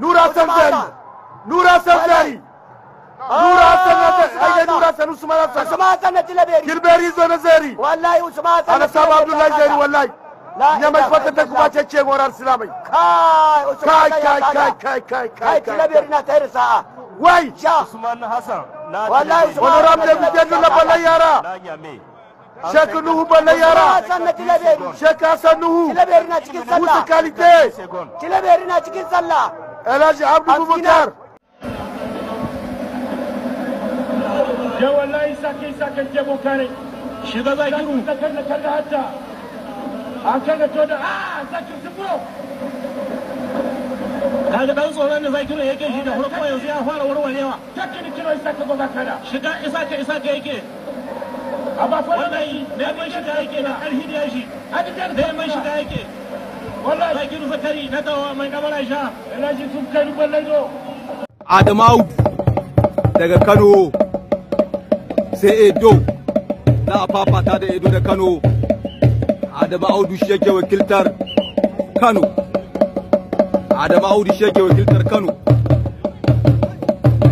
nura sanjari nura sanjari nura sanjari ai nura san usman usman na tilaberi kilberi zo zeri wallahi usman san ana sabu abdullahi zeri wallahi mai fata ta kuma ce ce silamai kai kai kai kai kai kai tilaberi na tayar sa'a wai usman hasan wallahi usman honorable na ballan yara Sheikh Nuhu Bala yara Sheikh Hassan Nuhu Tilaberi na cikin Kalite Tilaberi na cikin sallah Ya wallahi sake sake je bokare shi da zai kiru da kan da hatta an kan da to da ah sake zubro kaga dan tsoron da zakiru yake shi da farko yanzu ya fara warwarewa takkini kiro isa ka shiga isa ka isa ka yake wannan shi daga Kano sai Edo za a fafata da Edo da Kano Adamu Audu shi yake wakiltar Kano Adamu Audu shi yake wakiltar Kano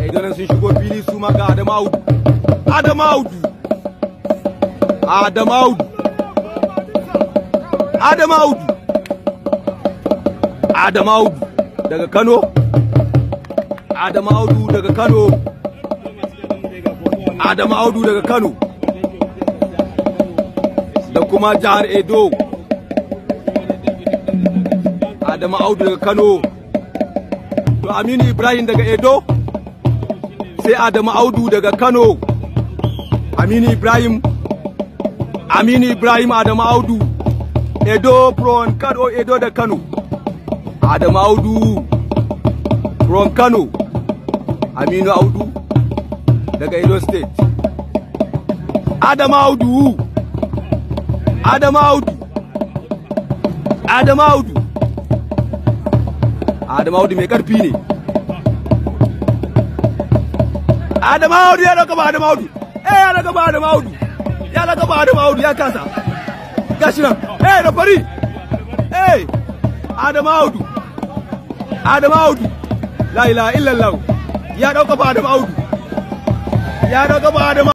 Edo nan sun shigo fili su ma ga Audu Audu Adamu Audu daga Kano daga Kano daga Kano da kuma jihar Edo daga Kano to Aminu Ibrahim daga Edo sai Adamu daga Kano Aminu Ibrahim Aminu Ibrahim Adamu Audu Edo from Kano Edo da Kano Adamu Audu from Kano Aminu Audu daga Edo State Adamu Audu Adamu Audu Adamu Audu Adamu Audu mai karfi ne Adamu Audu ya dauka Adamu Audu eh ya Adamu Audu ya laka ba Adamu Audu ya kasa gashi nan eh da fari eh Adamu Audu Adamu Audu la ilaha illallah ya dauka ba Adamu Audu ya dauka ba Adamu